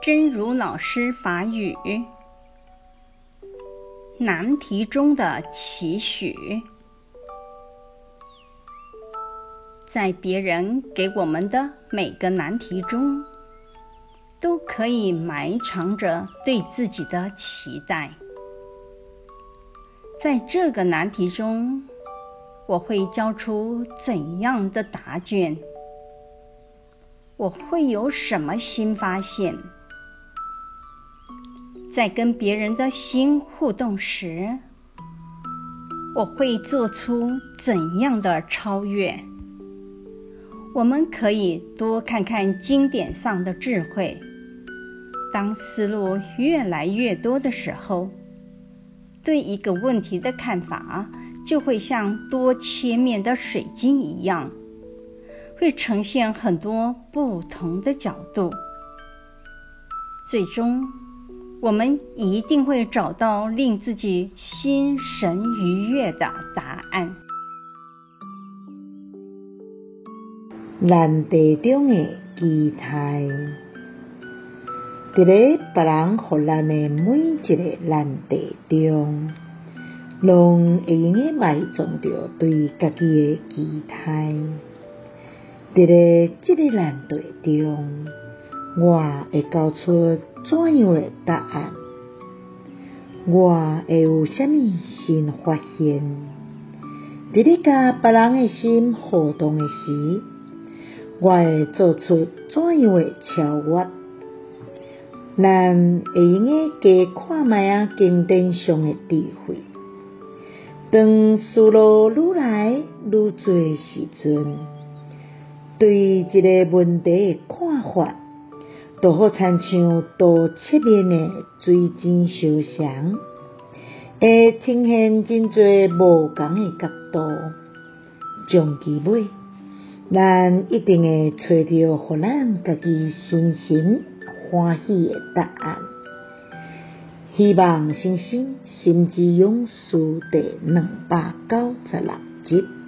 真如老師法語難題中的期許，在別人給我們的每個難題中，都可以埋藏着對自己的期待。在這個難題中，我會交出怎樣的答卷？我會有什麼新發現？在跟別人的心互動時，我會做出怎樣的超越？我們可以多看看經典上的智慧。當思路越來越多的時候，對一個問題的看法就會像多切面的水晶一樣，會呈現很多不同的角度，最終，我們一定會找到令自己心神愉悅的答案。難題中的期待，在別人和人的每一個難題中，攏會用個埋藏着對家己的期待。在這個難題中，我會交怎樣誒答案？我會有啥物新發現？佇你甲別人誒心互動誒時，我會做出怎樣誒超越？咱會用誒加看覓啊，經典上誒智慧。當思路愈來愈濟誒時陣，對一個問題誒看法。多好，親像多切面誒水晶求詳，會呈現真濟無共誒角度。終其尾，咱一定會找到互咱家己心神歡喜誒答案。希望新生心之勇士第二百九十六集。